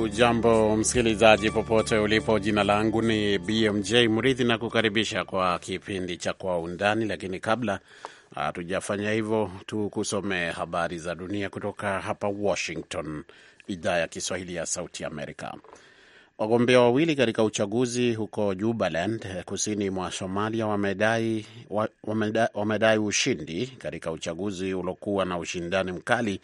Ujambo msikilizaji, popote ulipo. Jina langu ni BMJ Mridhi na kukaribisha kwa kipindi cha Kwa Undani, lakini kabla ah, hatujafanya hivyo, tukusomee habari za dunia kutoka hapa Washington, idhaa ya Kiswahili ya Sauti Amerika. Wagombea wawili katika uchaguzi huko Jubaland, kusini mwa Somalia, wamedai, wamedai, wamedai ushindi katika uchaguzi uliokuwa na ushindani mkali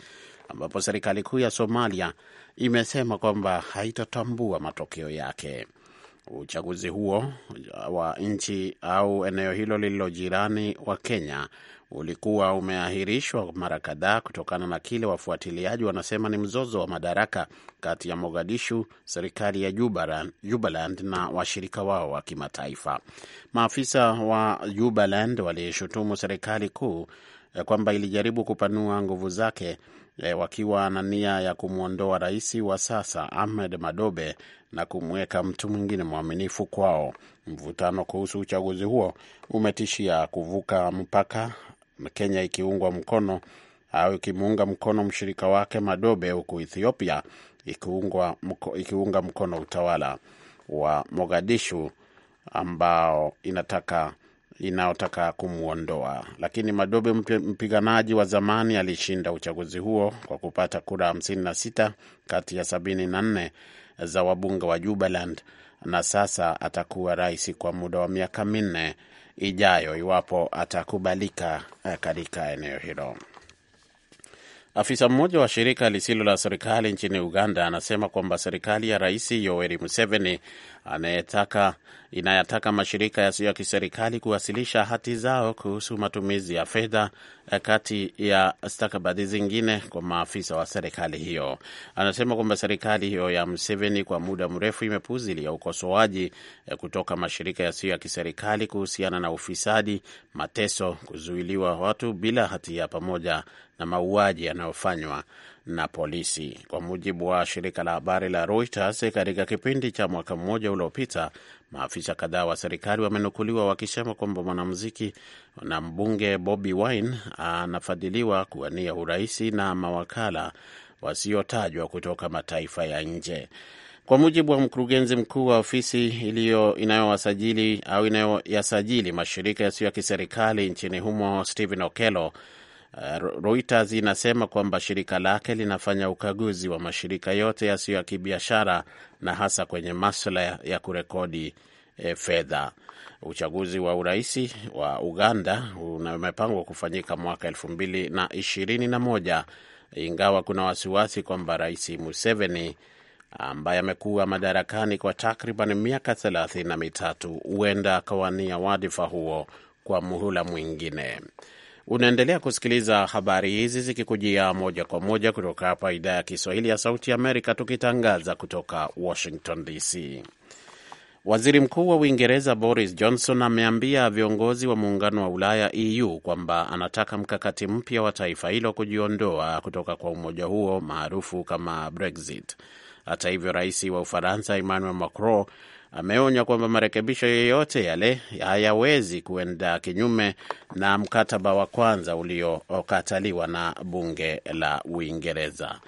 ambapo serikali kuu ya Somalia imesema kwamba haitatambua matokeo yake. Uchaguzi huo wa nchi au eneo hilo lililo jirani wa Kenya ulikuwa umeahirishwa mara kadhaa kutokana na kile wafuatiliaji wanasema ni mzozo wa madaraka kati ya Mogadishu, serikali ya Jubaland na washirika wao wa kimataifa. Maafisa wa Jubaland walishutumu serikali kuu Eh, kwamba ilijaribu kupanua nguvu zake eh, wakiwa na nia ya kumwondoa rais wa sasa Ahmed Madobe na kumweka mtu mwingine mwaminifu kwao. Mvutano kuhusu uchaguzi huo umetishia kuvuka mpaka, Kenya ikiungwa mkono au ikimuunga mkono mshirika wake Madobe, huku Ethiopia ikiungwa, ikiunga mkono utawala wa Mogadishu ambao inataka inayotaka kumwondoa, lakini Madobe, mpiganaji wa zamani, alishinda uchaguzi huo kwa kupata kura 56 kati ya 74 za wabunge wa Jubaland na sasa atakuwa rais kwa muda wa miaka minne ijayo iwapo atakubalika eh, katika eneo hilo. Afisa mmoja wa shirika lisilo la serikali nchini Uganda anasema kwamba serikali ya Rais Yoweri Museveni anayetaka inayataka mashirika yasiyo ya kiserikali kuwasilisha hati zao kuhusu matumizi ya fedha eh, kati ya stakabadhi zingine kwa maafisa wa serikali hiyo. Anasema kwamba serikali hiyo ya Museveni kwa muda mrefu imepuzilia ukosoaji eh, kutoka mashirika yasiyo ya kiserikali kuhusiana na ufisadi, mateso, kuzuiliwa watu bila hatia, pamoja na mauaji yanayofanywa na polisi, kwa mujibu wa shirika la habari la Reuters. Katika kipindi cha mwaka mmoja uliopita, maafisa kadhaa wa serikali wamenukuliwa wakisema kwamba mwanamuziki na mbunge Bobi Wine anafadhiliwa kuwania uraisi na mawakala wasiotajwa kutoka mataifa ya nje. Kwa mujibu wa mkurugenzi mkuu wa ofisi inayowasajili au inayoyasajili mashirika yasiyo ya kiserikali nchini humo, Stephen Okello, Uh, Reuters inasema kwamba shirika lake linafanya ukaguzi wa mashirika yote yasiyo ya kibiashara na hasa kwenye maswala ya kurekodi e, fedha. Uchaguzi wa uraisi wa Uganda umepangwa kufanyika mwaka elfu mbili na ishirini na moja ingawa kuna wasiwasi kwamba Rais Museveni ambaye amekuwa madarakani kwa takriban miaka thelathini na mitatu huenda akawania wadhifa huo kwa muhula mwingine. Unaendelea kusikiliza habari hizi zikikujia moja kwa moja kutoka hapa idhaa ya Kiswahili ya Sauti Amerika, tukitangaza kutoka Washington DC. Waziri Mkuu wa Uingereza Boris Johnson ameambia viongozi wa muungano wa Ulaya EU kwamba anataka mkakati mpya wa taifa hilo kujiondoa kutoka kwa umoja huo maarufu kama Brexit. Hata hivyo, rais wa Ufaransa Emmanuel Macron ameonya kwamba marekebisho yeyote yale hayawezi kuenda kinyume na mkataba wa kwanza uliokataliwa na bunge la Uingereza.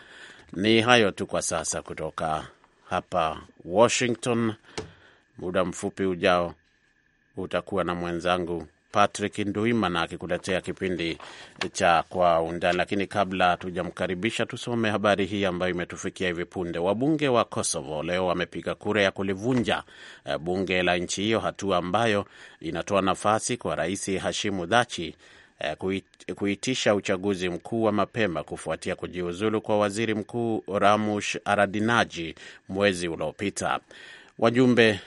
Ni hayo tu kwa sasa kutoka hapa Washington. Muda mfupi ujao utakuwa na mwenzangu Patrick Nduimana akikuletea kipindi cha Kwa Undani. Lakini kabla tujamkaribisha, tusome habari hii ambayo imetufikia hivi punde. Wabunge wa Kosovo leo wamepiga kura ya kulivunja eh, bunge la nchi hiyo, hatua ambayo inatoa nafasi kwa Rais Hashimu Dhachi eh, kuitisha uchaguzi mkuu wa mapema kufuatia kujiuzulu kwa waziri mkuu Ramush Aradinaji mwezi uliopita. Wajumbe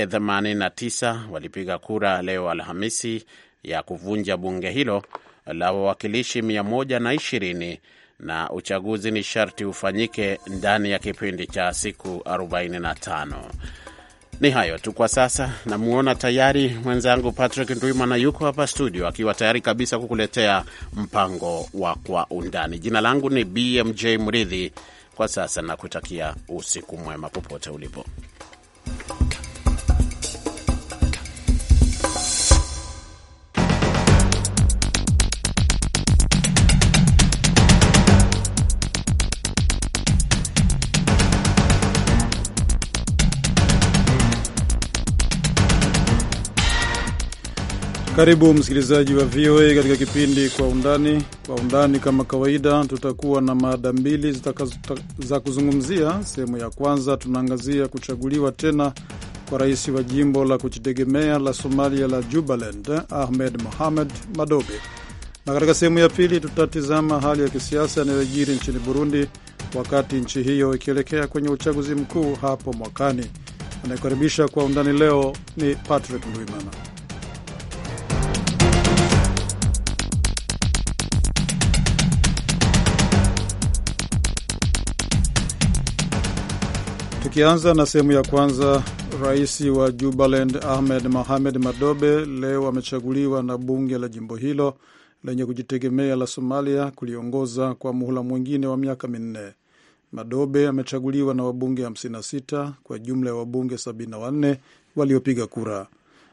89 e, walipiga kura leo Alhamisi ya kuvunja bunge hilo la wawakilishi 120 na uchaguzi ni sharti ufanyike ndani ya kipindi cha siku 45. Ni hayo tu kwa sasa. Namwona tayari mwenzangu Patrick Ndwimana yuko hapa studio akiwa tayari kabisa kukuletea mpango wa Kwa Undani. Jina langu ni BMJ Mridhi. Kwa sasa nakutakia usiku mwema popote ulipo. Karibu msikilizaji wa VOA katika kipindi kwa undani. Kwa undani, kama kawaida, tutakuwa na mada mbili za kuzungumzia. Sehemu ya kwanza tunaangazia kuchaguliwa tena kwa rais wa jimbo la kujitegemea la Somalia la Jubaland, Ahmed Mohamed Madobe, na katika sehemu ya pili tutatizama hali ya kisiasa yanayojiri nchini Burundi wakati nchi hiyo ikielekea kwenye uchaguzi mkuu hapo mwakani. Anayekaribisha kwa undani leo ni Patrick Ndwimana. Tukianza na sehemu ya kwanza, rais wa Jubaland Ahmed Mohamed Madobe leo amechaguliwa na bunge la jimbo hilo lenye kujitegemea la Somalia kuliongoza kwa muhula mwingine wa miaka minne. Madobe amechaguliwa na wabunge 56 kwa jumla ya wabunge 74 waliopiga kura,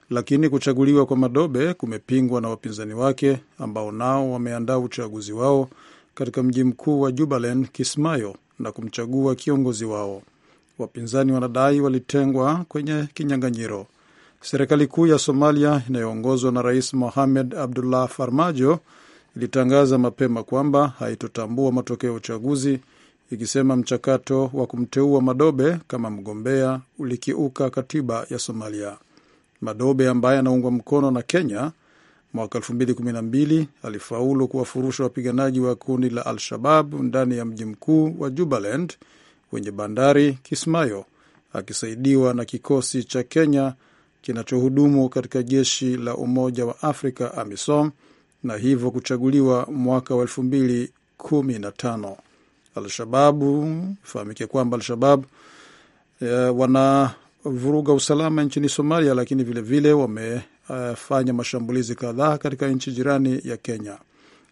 lakini kuchaguliwa kwa Madobe kumepingwa na wapinzani wake ambao nao wameandaa uchaguzi wao katika mji mkuu wa Jubaland, Kismayo, na kumchagua kiongozi wao. Wapinzani wanadai walitengwa kwenye kinyang'anyiro. Serikali kuu ya Somalia inayoongozwa na Rais Mohamed Abdullah Farmajo ilitangaza mapema kwamba haitotambua matokeo ya uchaguzi ikisema mchakato wa kumteua Madobe kama mgombea ulikiuka katiba ya Somalia. Madobe ambaye anaungwa mkono na Kenya mwaka 2012 alifaulu kuwafurusha wapiganaji wa kundi la Al-Shabab ndani ya mji mkuu wa Jubaland kwenye bandari Kismayo akisaidiwa na kikosi cha Kenya kinachohudumu katika jeshi la Umoja wa Afrika AMISOM na hivyo kuchaguliwa mwaka wa tano. Alshababu, ifahamike kwamba Alshabab eh, wanavuruga usalama nchini Somalia, lakini vilevile wamefanya mashambulizi kadhaa katika nchi jirani ya Kenya.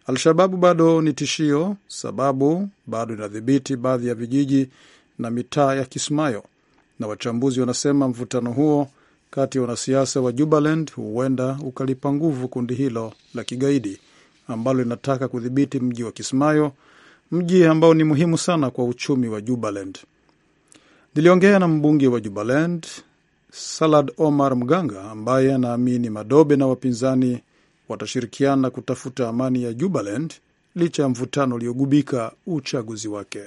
Alshababu bado ni tishio, sababu bado inadhibiti baadhi ya vijiji na mitaa ya Kismayo, na wachambuzi wanasema mvutano huo kati ya wanasiasa wa Jubaland huenda ukalipa nguvu kundi hilo la kigaidi ambalo linataka kudhibiti mji wa Kismayo, mji ambao ni muhimu sana kwa uchumi wa Jubaland. Niliongea na mbunge wa Jubaland Salad Omar Mganga ambaye anaamini Madobe na wapinzani watashirikiana kutafuta amani ya Jubaland licha ya mvutano uliogubika uchaguzi wake.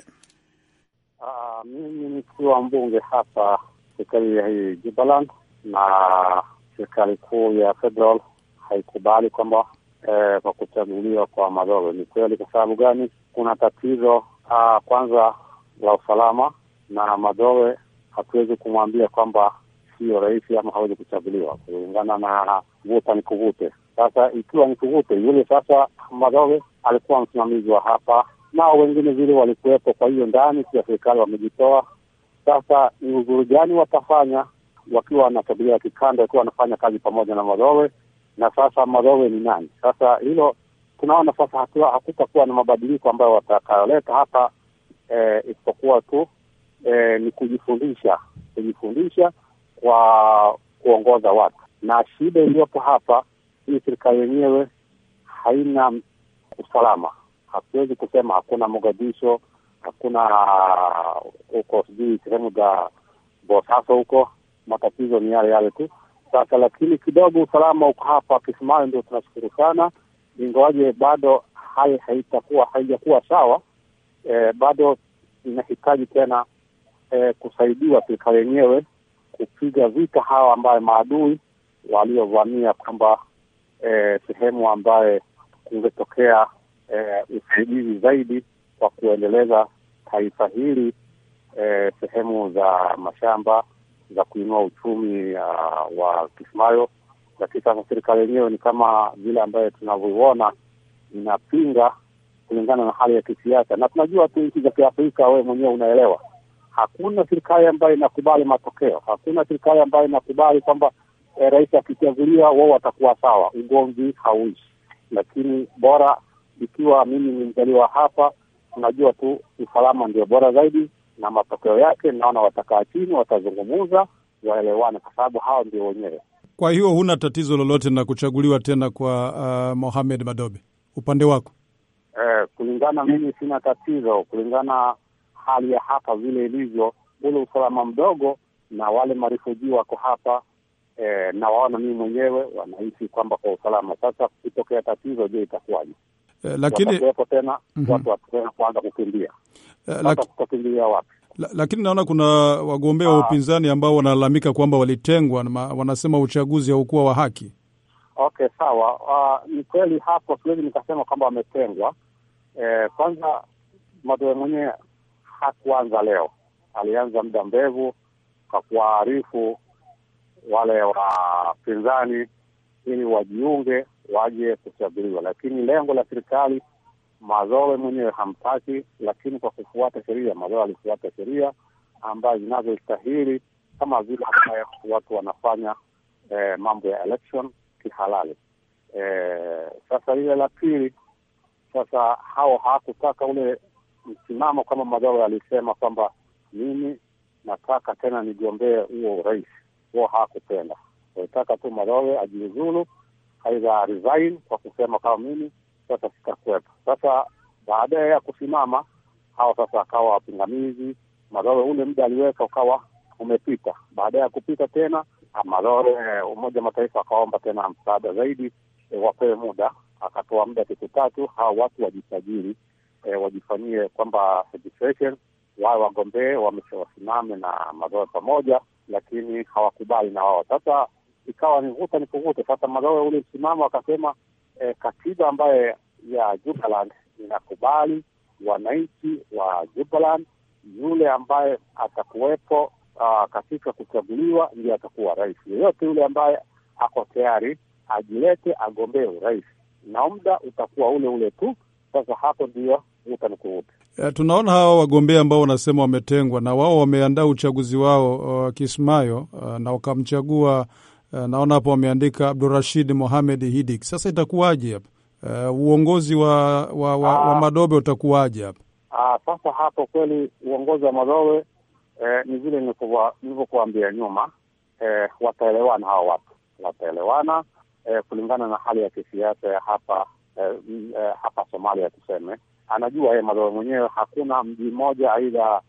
Uh, mimi nikiwa mbunge hapa serikali ya hii Jubaland na serikali kuu ya federal haikubali kwamba eh, kwa kuchaguliwa kwa Madhowe ni kweli. Kwa sababu gani? Kuna tatizo uh, kwanza la usalama, na Madhowe hatuwezi kumwambia kwamba siyo rahisi ama hawezi kuchaguliwa kulingana na vuta ni kuvute. Sasa ikiwa ni Tugute yule sasa Madowe alikuwa msimamizi wa hapa, nao wengine vile walikuwepo. Kwa hiyo ndani pia serikali wamejitoa. Sasa ni uzuri gani watafanya wakiwa wanatabilia kikanda, wakiwa wanafanya kazi pamoja na Madowe na sasa Madowe ni nani? Sasa hilo tunaona sasa hatua, hakutakuwa na mabadiliko ambayo watakayoleta hapa eh, isipokuwa tu eh, ni kujifundisha, kujifundisha kwa kuongoza watu, na shida iliyopo hapa lakini serikali yenyewe haina usalama. Hatuwezi kusema hakuna Mogadisho, hakuna uh, huko sijui sehemu za Bosaso huko, matatizo ni yale yale tu sasa, lakini kidogo usalama uko hapa kisimali ndio tunashukuru sana, ingawaje bado hali haitakuwa haijakuwa sawa e, bado inahitaji tena e, kusaidiwa serikali yenyewe kupiga vita hawa ambayo maadui waliovamia kwamba eh, sehemu ambaye kungetokea eh, usaidizi zaidi kwa kuendeleza taifa hili eh, sehemu za mashamba za kuinua uchumi uh, wa Kismayo. Lakini sasa serikali yenyewe ni kama vile ambayo tunavyoona inapinga kulingana na hali ya kisiasa, na tunajua tu nchi za Kiafrika, wewe mwenyewe unaelewa, hakuna serikali ambayo inakubali matokeo, hakuna serikali ambayo inakubali kwamba eh, rais akichaguliwa, wao watakuwa sawa, ugomvi hauishi. Lakini bora ikiwa mimi ni mzaliwa hapa, unajua tu usalama ndio bora zaidi, na matokeo yake naona watakaa chini, watazungumuza, waelewane, kwa sababu hawa ndio wenyewe. Kwa hiyo huna tatizo lolote na kuchaguliwa tena kwa uh, Mohamed Madobe upande wako? Eh, kulingana mimi sina tatizo, kulingana hali ya hapa vile ilivyo, ule usalama mdogo na wale marifujii wako hapa e, eh, nawaona mimi mwenyewe wanahisi kwamba kwa usalama sasa, kitokea tatizo, je, itakuwaje? Eh, lakini wapo tena mm -hmm. watu watakwenda kuanza kukimbia eh, wapi? Lakini naona kuna wagombea ah. wa upinzani ambao wanalalamika kwamba walitengwa, wanasema uchaguzi haukuwa wa haki. Okay, sawa. Uh, ni kweli hapo, siwezi nikasema kwamba wametengwa. Eh, kwanza Madoe mwenyewe hakuanza leo, alianza muda mrefu kwa kuwaarifu wale wapinzani ili wajiunge waje kuchaguliwa, lakini lengo la serikali Mazowe mwenyewe hamtaki, lakini kwa kufuata sheria, Mazowe alifuata sheria ambayo zinazostahili kama vile ambayo watu wanafanya eh, mambo ya election kihalali. Eh, sasa ile la pili sasa, hao hawakutaka ule msimamo kama Mazowe alisema kwamba mimi nataka tena nigombee huo urais huwa hawakupenda. Walitaka tu Malowe ajiuzulu, aidha resign, kwa kusema kama mimi sasa sitakuwepo. Sasa baada ya kusimama hawa sasa akawa wapingamizi. Malowe ule muda aliweka ukawa umepita. Baada ya kupita tena Malowe, Umoja Mataifa akaomba tena msaada zaidi, e, wapewe muda. Akatoa muda siku tatu, hawa watu wajisajili, e, wajifanyie kwamba registration, wawe wagombee, wamewasimame na Malowe pamoja lakini hawakubali na wao. Sasa ikawa ni ni kuvute Sasa Magoe ule msimamo akasema e, katiba ambayo ya Jubaland inakubali wananchi wa Jubaland, yule ambaye atakuwepo uh, katika kuchaguliwa ndio atakuwa rais. Yeyote yule ambaye ako tayari ajilete agombee urais na muda utakuwa ule ule tu. Sasa hapo ndio vuta ni kuvute Eh, tunaona hawa wagombea ambao wanasema wametengwa na wao wameandaa uchaguzi wao uh, Kismayo uh, na wakamchagua uh, naona hapo wameandika Abdurashid Mohamed Hidik. Sasa itakuwaje hapa uh, uongozi wa, wa, wa, wa ah. Madobe utakuwaje hapa? Ah, sasa hapo kweli uongozi wa Madobe eh, ni vile nilivyokuambia nyuma eh, wataelewana hawa watu wataelewana eh, kulingana na hali ya kisiasa ya hapa eh, mm, eh, hapa Somalia tuseme, anajua yeye madhara mwenyewe. Hakuna mji mmoja aidha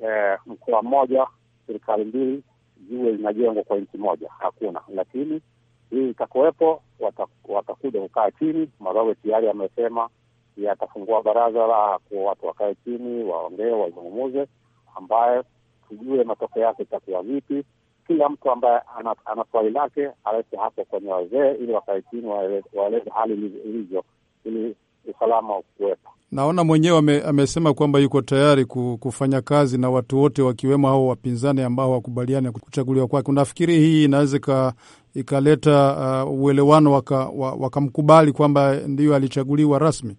eh, mkoa mmoja, serikali mbili jue zinajengwa kwa nchi moja, hakuna. Lakini hii itakuwepo, watakuja kukaa chini. Marawe tayari amesema yatafungua baraza la kuwa watu wakae chini, waongee, wazungumuze, ambaye tujue matokeo yake itakuwa vipi kila mtu ambaye ana swali lake alete hapo kwenye wazee, ili wakae chini waeleze hali ilivyo, ili usalama kuwepo. Naona mwenyewe amesema kwamba yuko tayari kufanya kazi na watu wote, wakiwemo hao wapinzani ambao hawakubaliani kuchaguliwa kwake. Unafikiri hii inaweza ikaleta uh, uelewano, wakamkubali waka kwamba ndiyo alichaguliwa rasmi?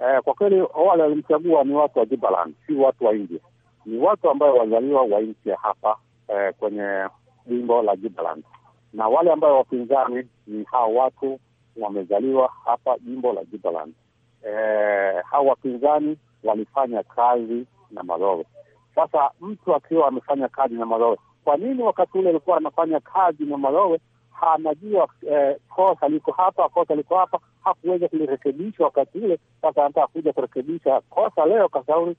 Eh, kwa kweli wale walimchagua ni watu wa Jubaland, si watu wa India, ni watu ambayo wazaliwa wa nchi hapa eh, kwenye jimbo la Jubaland, na wale ambayo wapinzani ni hao watu wamezaliwa hapa jimbo la Jubaland. E, eh, hao wapinzani walifanya kazi na Malolo. Sasa mtu akiwa amefanya kazi na Malolo, kwa nini wakati ule alikuwa anafanya kazi na marowe anajua eh, kosa liko hapa, kosa liko hapa, hakuweza kulirekebisha wakati ule. Sasa anataka kuja kurekebisha kosa leo, kasauri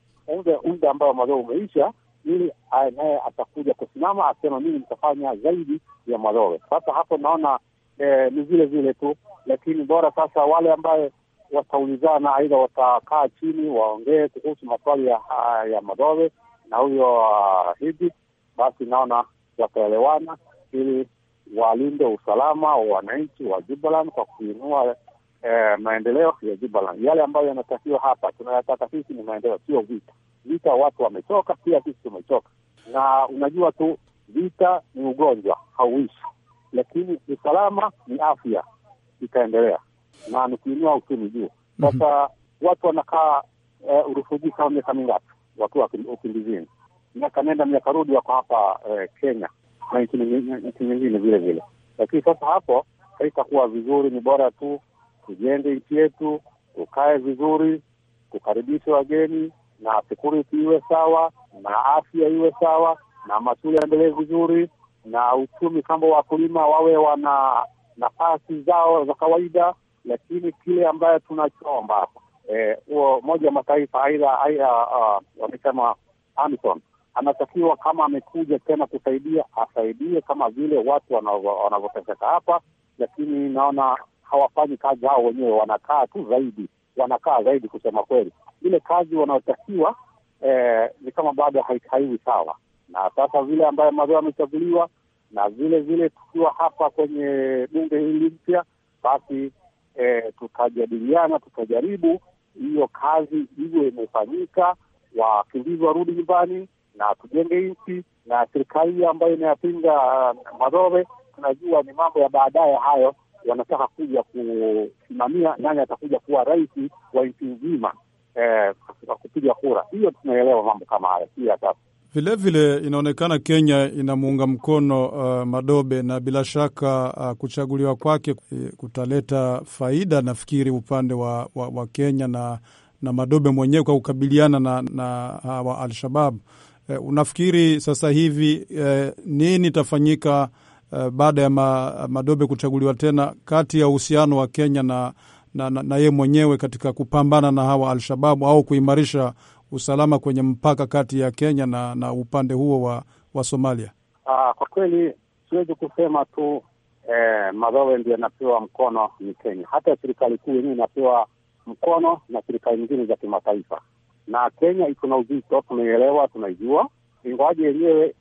muda ambao Malowe umeisha, ili naye atakuja kusimama asema mimi nitafanya zaidi ya Malowe. Sasa hapo naona eh, ni vile vile tu, lakini bora sasa wale ambaye wataulizana, aidha watakaa chini waongee kuhusu maswali ya, ya Malowe na huyo uh, ah, hivi basi naona wataelewana ili walinde usalama wa wananchi wa Jubaland kwa kuinua eh, maendeleo ya Jubaland. Yale ambayo yanatakiwa hapa tunayataka sisi ni maendeleo, sio vita vita, watu wamechoka, pia sisi tumechoka. Na unajua tu vita ni ugonjwa hauishi, lakini usalama ni afya, itaendelea na nikiinua uchumi juu. Mhm. Sasa mm -hmm. watu wanakaa e, eh, urufujii kama miaka mingapi wakiwa ukimbizini, miaka nenda miaka rudi, wako hapa e, Kenya na nchi nyingine vile vile. Lakini sasa hapo haitakuwa vizuri, ni bora tu tujenge nchi yetu, tukae vizuri, kukaribisha wageni na security iwe sawa, na afya iwe sawa, na mashule yaendelee vizuri, na uchumi kama wakulima wawe wana nafasi zao za kawaida. Lakini kile ambayo tunachoomba hapa e, huo, e, moja wa mataifa aidha aidha wamesema Amison anatakiwa kama amekuja tena kusaidia asaidie kama vile watu wanavyoteseka hapa, lakini naona hawafanyi kazi hao wenyewe, wanakaa tu zaidi, wanakaa zaidi kusema kweli ile kazi wanaotakiwa eh, ni kama bado haikaiwi sawa. Na sasa vile ambayo mazoea amechaguliwa na vile vile tukiwa hapa kwenye bunge hili mpya, basi eh, tutajadiliana, tutajaribu hiyo kazi hiyo imefanyika, wakimbizi warudi nyumbani na tujenge nchi na serikali hiyo ambayo inayapinga uh, Marowe, tunajua ni mambo ya baadaye hayo, wanataka kuja kusimamia nani atakuja kuwa rais wa nchi nzima eh, kupiga kura. Hiyo tunaelewa mambo kama hayo pia sasa Vilevile inaonekana Kenya inamuunga mkono uh, Madobe na bila shaka uh, kuchaguliwa kwake kutaleta faida nafikiri upande wa, wa, wa Kenya na, na Madobe mwenyewe kwa kukabiliana na, na hawa Al-Shabab. Uh, unafikiri sasa hivi uh, nini itafanyika uh, baada ya ma, Madobe kuchaguliwa tena kati ya uhusiano wa Kenya na na, na, na ye mwenyewe katika kupambana na hawa Alshababu au kuimarisha usalama kwenye mpaka kati ya Kenya na, na upande huo wa, wa Somalia? Aa, ah, kwa kweli siwezi kusema tu eh, Madhowe ndio yanapewa mkono ni Kenya. Hata serikali kuu yenyewe inapewa mkono na serikali nyingine za kimataifa, na Kenya iko na uzito, tunaielewa, tunaijua, ingawaji yenyewe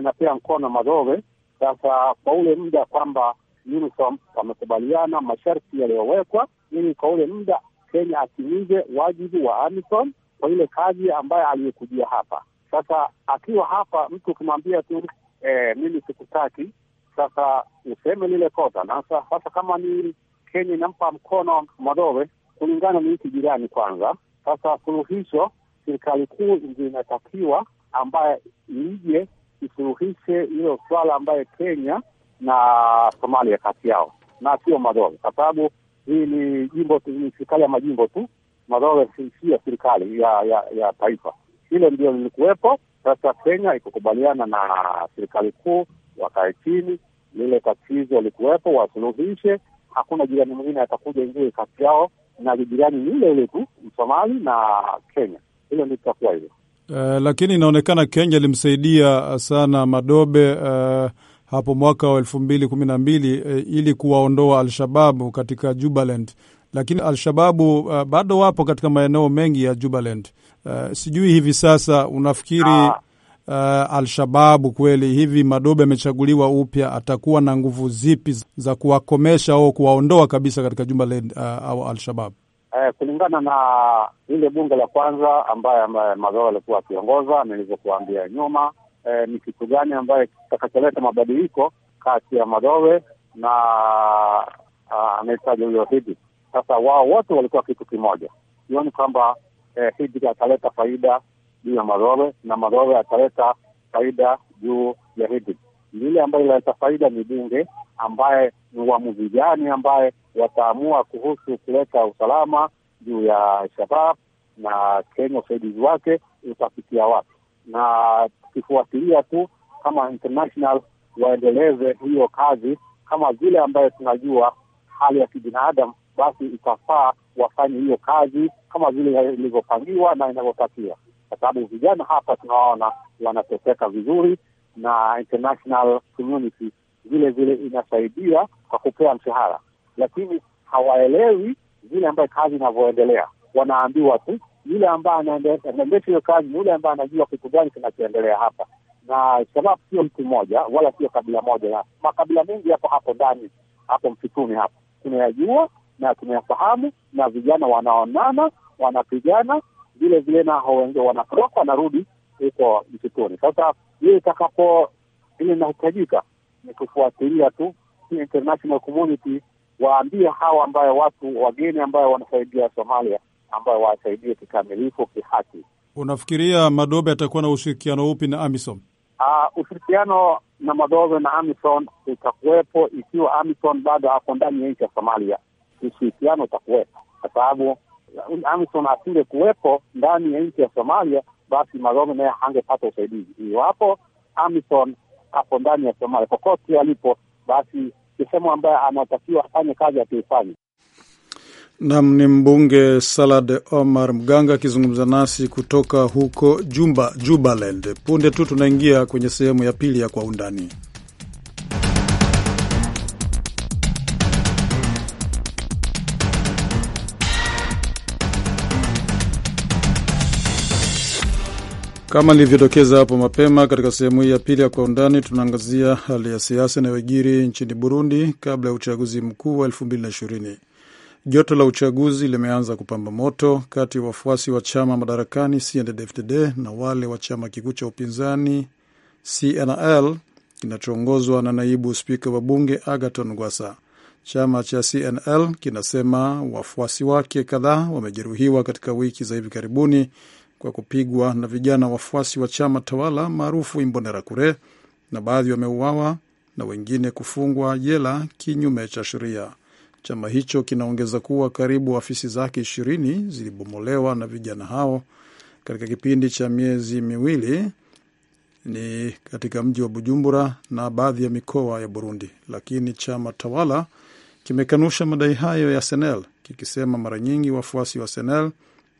inapea mkono Madhowe Sasa kwa ule muda kwamba UNISOM wamekubaliana masharti yaliyowekwa ili kwa ule muda Kenya atimize wajibu wa AMISOM kwa ile kazi ambayo aliyekujia hapa. Sasa akiwa hapa, mtu ukimwambia tu eh, mimi sikutaki, sasa useme lile kosa. Na sasa kama ni Kenya inampa mkono madowe kulingana ni nchi jirani kwanza. Sasa suluhisho, serikali kuu inatakiwa ambaye ije isuluhishe hilo swala ambaye Kenya na Somalia kati yao, na sio madowe, kwa sababu hii ni jimbo, ni serikali ya majimbo tu, makao ya serikali ya ya ya taifa. Hilo ndio lilikuwepo. Sasa Kenya ikakubaliana na serikali kuu, wakae chini, lile tatizo likuwepo wasuluhishe. Hakuna jirani mwingine atakuja ingie kati yao, na jirani yule ile tu Msomali na Kenya. Hilo ndio litakuwa hivyo. Uh, eh, lakini inaonekana Kenya ilimsaidia sana Madobe uh, hapo mwaka wa elfu mbili kumi na mbili eh, ili kuwaondoa Alshababu katika Jubaland, lakini Alshababu uh, eh, bado wapo katika maeneo mengi ya Jubaland. Uh, sijui hivi sasa unafikiri uh, ah. Alshababu kweli hivi Madobe amechaguliwa upya, atakuwa na nguvu zipi za kuwakomesha au kuwaondoa kabisa katika Jubaland uh, au Alshababu? Eh, kulingana na ile bunge la kwanza ambaye Madobe alikuwa akiongoza nilivyokuambia nyuma e, ni kitu gani ambayo kitakacholeta mabadiliko kati ya Madowe na ah, anaitaja huyo Hidi. Sasa wao wote walikuwa kitu kimoja, sioni kwamba e, eh, Hidi ataleta faida juu ya Madowe na Madowe ataleta faida juu ya Hidi. Lile ambayo inaleta faida ni bunge, ambaye ni uamuzi gani ambaye wataamua kuhusu kuleta usalama juu ya Shabab na Kenya, usaidizi wake utafikia wapi? na tukifuatilia tu kama international waendeleze hiyo kazi kama vile ambayo tunajua hali ya kibinadamu, basi itafaa wafanye hiyo kazi kama vile ilivyopangiwa na inavyotakiwa, kwa sababu vijana hapa tunaona wanateseka vizuri, na international community vile vile inasaidia kwa kupea mshahara, lakini hawaelewi vile ambayo kazi inavyoendelea. Wanaambiwa tu yule ambaye anaendesha hiyo kazi ni yule ambaye anajua kitu gani kinachoendelea hapa, na Shababu sio mtu mmoja wala sio kabila moja, na makabila mengi yako hapo ndani hapo msituni hapo, tunayajua na tunayafahamu, na vijana wanaonana wanapigana vile vile, na wengine wanatoroka wanarudi huko msituni. Sasa hiyo itakapo ile inahitajika ni kufuatilia tu international community, waambie hawa ambayo watu wageni ambayo wanasaidia Somalia ambayo wasaidie kikamilifu kihaki. Unafikiria Madobe atakuwa na ushirikiano upi na AMISOM? Uh, ah, ushirikiano na Madobe na AMISOM utakuwepo ikiwa AMISOM bado ako ndani ya nchi ya Somalia, ushirikiano utakuwepo kwa sababu AMISOM asinge kuwepo ndani ya nchi ya Somalia, basi Madobe naye hangepata usaidizi. Iwapo AMISOM ako ndani ya Somalia kokote alipo, basi sehemu ambayo anatakiwa afanye kazi akiifanya. Nam ni mbunge Salad Omar Mganga akizungumza nasi kutoka huko Jumba, Jubaland. Punde tu tunaingia kwenye sehemu ya pili ya Kwa Undani. Kama nilivyodokeza hapo mapema, katika sehemu hii ya pili ya Kwa Undani tunaangazia hali ya siasa inayojiri nchini Burundi kabla ya uchaguzi mkuu wa elfu mbili na ishirini. Joto la uchaguzi limeanza kupamba moto kati ya wafuasi wa chama madarakani CNDD-FDD na wale wa chama kikuu cha upinzani CNL kinachoongozwa na naibu spika wa bunge agaton Gwasa. Chama cha CNL kinasema wafuasi wake kadhaa wamejeruhiwa katika wiki za hivi karibuni kwa kupigwa na vijana wafuasi wa chama tawala maarufu Imbonerakure, na baadhi wameuawa na wengine kufungwa jela kinyume cha sheria. Chama hicho kinaongeza kuwa karibu afisi zake ishirini zilibomolewa na vijana hao katika kipindi cha miezi miwili ni katika mji wa Bujumbura na baadhi ya mikoa ya Burundi, lakini chama tawala kimekanusha madai hayo ya Senel kikisema mara nyingi wafuasi wa Senel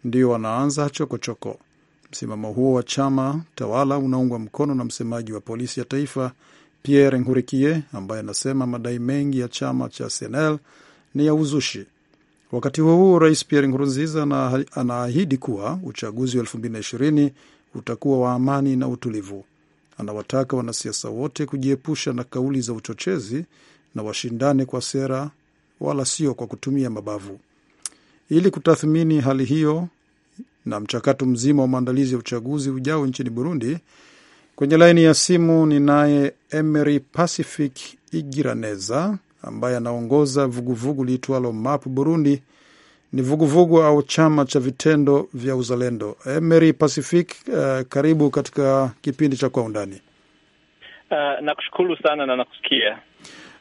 ndio wanaanza chokochoko. Msimamo huo wa chama tawala unaungwa mkono na msemaji wa polisi ya taifa Pierre Nkurikie ambaye anasema madai mengi ya chama cha Senel ni ya uzushi. Wakati huo huo, Rais Pierre Nkurunziza anaahidi kuwa uchaguzi wa 2020 utakuwa wa amani na utulivu. Anawataka wanasiasa wote kujiepusha na kauli za uchochezi na washindane kwa sera, wala sio kwa kutumia mabavu. Ili kutathmini hali hiyo na mchakato mzima wa maandalizi ya uchaguzi ujao nchini Burundi, kwenye laini ya simu ninaye Emery Pacific Igiraneza ambaye anaongoza vuguvugu liitwalo MAP Burundi, ni vuguvugu vugu au chama cha vitendo vya uzalendo. Emery eh, Pacific, uh, karibu katika kipindi cha Kwa Undani. Uh, nakushukuru sana na nakusikia.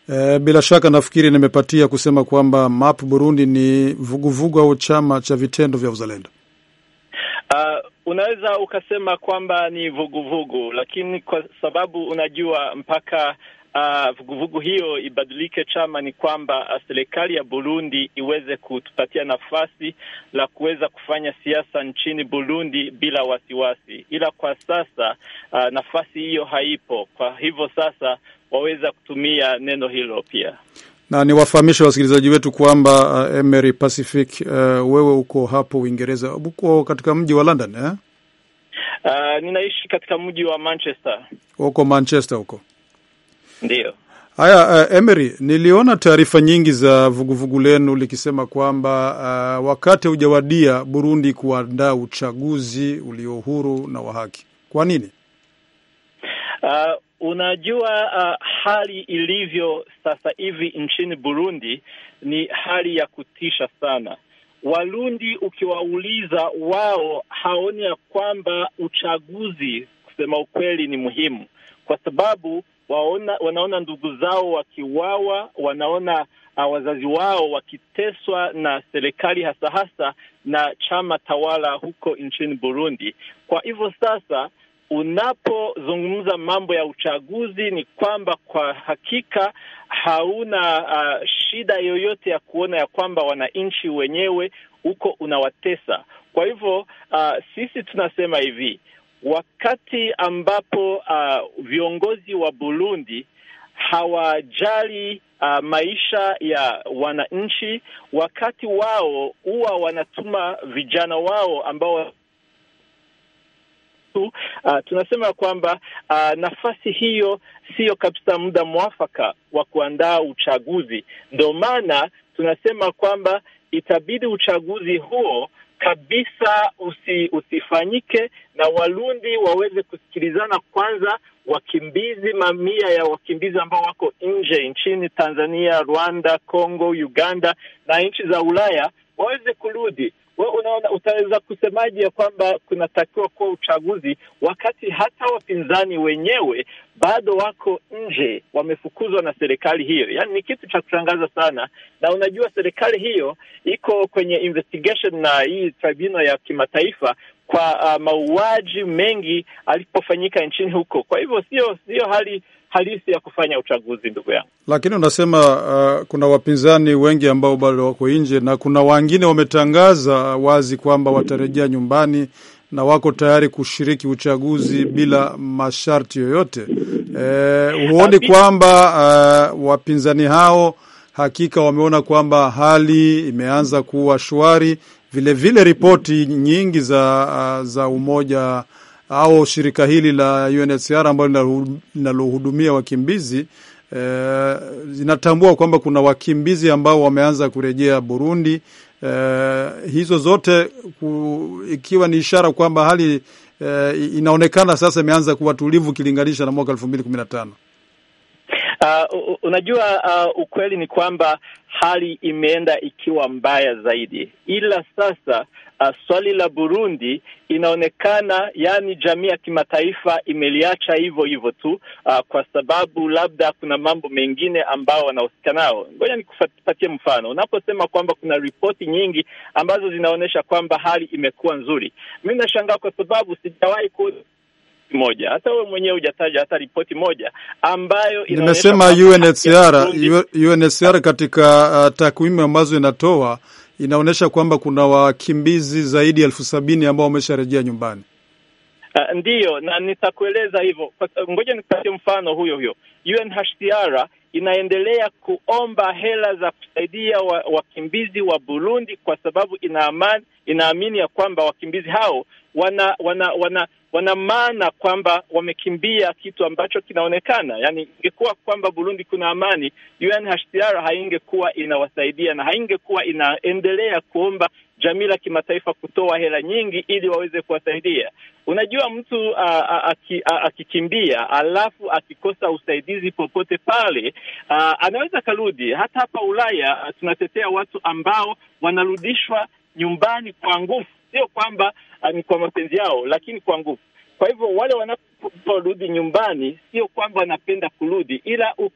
Uh, bila shaka nafikiri nimepatia kusema kwamba MAP Burundi ni vuguvugu vugu au chama cha vitendo vya uzalendo. Uh, unaweza ukasema kwamba ni vuguvugu vugu, lakini kwa sababu unajua mpaka Ah, vuguvugu uh, hiyo ibadilike chama, ni kwamba ah, serikali ya Burundi iweze kutupatia nafasi la kuweza kufanya siasa nchini Burundi bila wasiwasi, ila kwa sasa uh, nafasi hiyo haipo. Kwa hivyo sasa waweza kutumia neno hilo pia na niwafahamishe wasikilizaji wetu kwamba uh, Emery Pacific, uh, wewe uko hapo Uingereza, uko katika mji wa London eh? Uh, ninaishi katika mji wa Manchester. Uko Manchester huko Ndiyo. Haya, uh, Emery, niliona taarifa nyingi za vuguvugu lenu likisema kwamba uh, wakati hujawadia Burundi kuandaa uchaguzi ulio huru na wa haki. Kwa nini? Uh, unajua uh, hali ilivyo sasa hivi nchini Burundi ni hali ya kutisha sana. Warundi ukiwauliza, wao haoni ya kwamba uchaguzi, kusema ukweli, ni muhimu kwa sababu waona, wanaona ndugu zao wakiwawa, wanaona uh, wazazi wao wakiteswa na serikali hasa hasa na chama tawala huko nchini Burundi. Kwa hivyo sasa unapozungumza mambo ya uchaguzi ni kwamba kwa hakika hauna uh, shida yoyote ya kuona ya kwamba wananchi wenyewe huko unawatesa. Kwa hivyo uh, sisi tunasema hivi wakati ambapo uh, viongozi wa Burundi hawajali uh, maisha ya wananchi, wakati wao huwa wanatuma vijana wao ambao Uh, tunasema kwamba uh, nafasi hiyo siyo kabisa muda mwafaka wa kuandaa uchaguzi. Ndio maana tunasema kwamba itabidi uchaguzi huo kabisa usi, usifanyike na Warundi waweze kusikilizana kwanza. Wakimbizi, mamia ya wakimbizi ambao wako nje nchini Tanzania, Rwanda, Congo, Uganda na nchi za Ulaya waweze kurudi we unaona, utaweza kusemaje ya kwamba kunatakiwa kuwa uchaguzi wakati hata wapinzani wenyewe bado wako nje, wamefukuzwa na serikali hiyo? Yaani ni kitu cha kushangaza sana, na unajua serikali hiyo iko kwenye investigation na hii tribunal ya kimataifa kwa uh, mauaji mengi alipofanyika nchini huko. Kwa hivyo sio sio hali halisi ya kufanya uchaguzi, ndugu yangu. Lakini unasema uh, kuna wapinzani wengi ambao bado wako nje na kuna wengine wametangaza wazi kwamba watarejea nyumbani na wako tayari kushiriki uchaguzi bila masharti yoyote. Eh, huoni kwamba uh, wapinzani hao hakika wameona kwamba hali imeanza kuwa shwari Vilevile ripoti nyingi za, uh, za umoja au shirika hili la UNHCR ambalo linalohudumia wakimbizi e, zinatambua kwamba kuna wakimbizi ambao wameanza kurejea Burundi. E, hizo zote ku, ikiwa ni ishara kwamba hali e, inaonekana sasa imeanza kuwa tulivu ukilinganisha na mwaka elfu mbili kumi na tano. Uh, unajua uh, ukweli ni kwamba hali imeenda ikiwa mbaya zaidi, ila sasa uh, swali la Burundi inaonekana, yani jamii ya kimataifa imeliacha hivyo hivyo tu, uh, kwa sababu labda kuna mambo mengine ambao wanahusika nao. Ngoja nikupatie mfano. Unaposema kwamba kuna ripoti nyingi ambazo zinaonyesha kwamba hali imekuwa nzuri, mi nashangaa kwa sababu sijawahi kuona moja, hata wewe mwenyewe hujataja hata ripoti moja ambayo nimesema UNHCR UNHCR katika uh, takwimu ambazo inatoa inaonyesha kwamba kuna wakimbizi zaidi ya elfu sabini ambao wamesharejea nyumbani. Uh, ndiyo, na nitakueleza hivyo. Ngoja nikupatie mfano huyo huyo. UNHCR inaendelea kuomba hela za kusaidia wakimbizi wa, wa Burundi kwa sababu inaamani, inaamini ya kwamba wakimbizi hao wana wana wana wana maana kwamba wamekimbia kitu ambacho kinaonekana. Yani, ingekuwa kwamba Burundi kuna amani, UNHCR haingekuwa inawasaidia na haingekuwa inaendelea kuomba jamii la kimataifa kutoa hela nyingi ili waweze kuwasaidia. Unajua, mtu akikimbia alafu akikosa usaidizi popote pale, anaweza akarudi. Hata hapa Ulaya tunatetea watu ambao wanarudishwa nyumbani kwa nguvu sio kwamba ah, ni kwa mapenzi yao, lakini kwa nguvu. Kwa hivyo wale wanaporudi nyumbani, sio kwamba wanapenda kurudi, ila u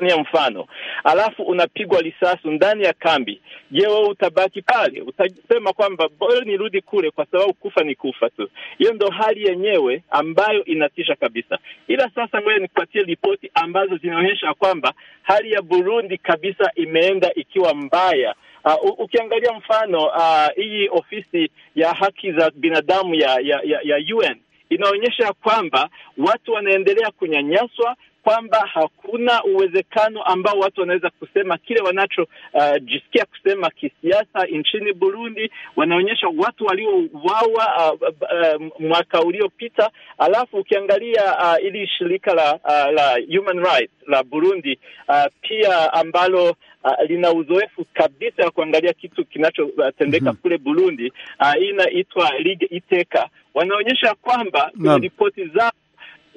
ya mfano alafu unapigwa risasi ndani ya kambi. Je, wewe utabaki pale? Utasema kwamba bora nirudi kule, kwa sababu kufa ni kufa tu. Hiyo ndo hali yenyewe ambayo inatisha kabisa. Ila sasa wewe nikupatie ripoti ambazo zinaonyesha kwamba hali ya Burundi kabisa imeenda ikiwa mbaya Uh, ukiangalia mfano ah, hii uh, ofisi ya haki za binadamu ya, ya, ya, ya UN inaonyesha kwamba watu wanaendelea kunyanyaswa, kwamba hakuna uwezekano ambao watu wanaweza kusema kile wanachojisikia ah, uh, kusema kisiasa nchini Burundi. Wanaonyesha watu waliowawa uh, uh, eh, mwaka uliopita. Alafu ukiangalia uh, ili shirika la, uh, la Human Rights la Burundi uh, pia ambalo uh, lina uzoefu kabisa ya kuangalia kitu kinachotendeka uh, mhm. kule Burundi. uh, inaitwa Ligue Iteka, wanaonyesha kwamba kwenye ripoti zao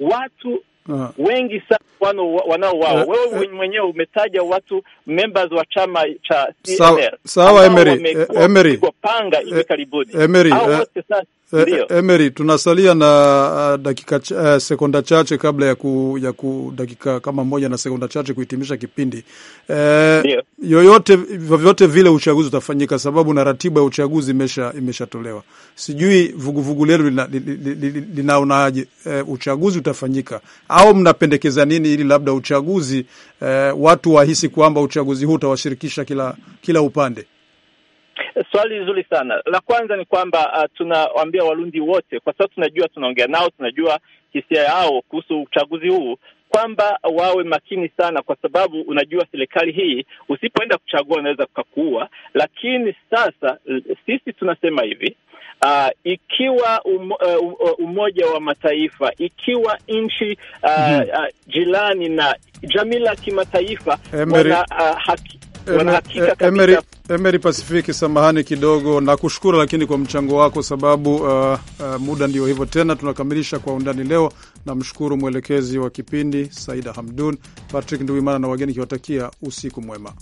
watu Uh, wengi sana wanao wao. Uh, wewe uh, mwenyewe umetaja watu members wa chama cha CNL sawa, Emery eh, Emery, panga hivi karibuni, hao wote sasa Eh, Emery, tunasalia na uh, dakika ch uh, sekonda chache kabla ya ku, ya ku dakika kama moja na sekonda chache kuhitimisha kipindi e, yoyote vyovyote vile uchaguzi utafanyika, sababu na ratiba ya uchaguzi imesha imeshatolewa. Sijui vuguvugu lenu linaonaje li, li, li, e, uchaguzi utafanyika au mnapendekeza nini ili labda uchaguzi e, watu wahisi kwamba uchaguzi huu utawashirikisha kila, kila upande? Swali zuri sana. La kwanza ni kwamba uh, tunawaambia Warundi wote, kwa sababu tunajua tunaongea nao, tunajua hisia yao kuhusu uchaguzi huu kwamba wawe makini sana, kwa sababu unajua serikali hii, usipoenda kuchagua unaweza kukakuua. Lakini sasa sisi tunasema hivi uh, ikiwa um, uh, Umoja wa Mataifa, ikiwa nchi uh, mhm. uh, jirani na jamii la kimataifa eh, wana, uh, haki Emery, Pacific, samahani kidogo, nakushukuru lakini kwa mchango wako, sababu uh, uh, muda ndio hivyo tena. Tunakamilisha kwa undani leo. Namshukuru mwelekezi wa kipindi Saida Hamdun, Patrick Nduwimana na wageni kiwatakia usiku mwema.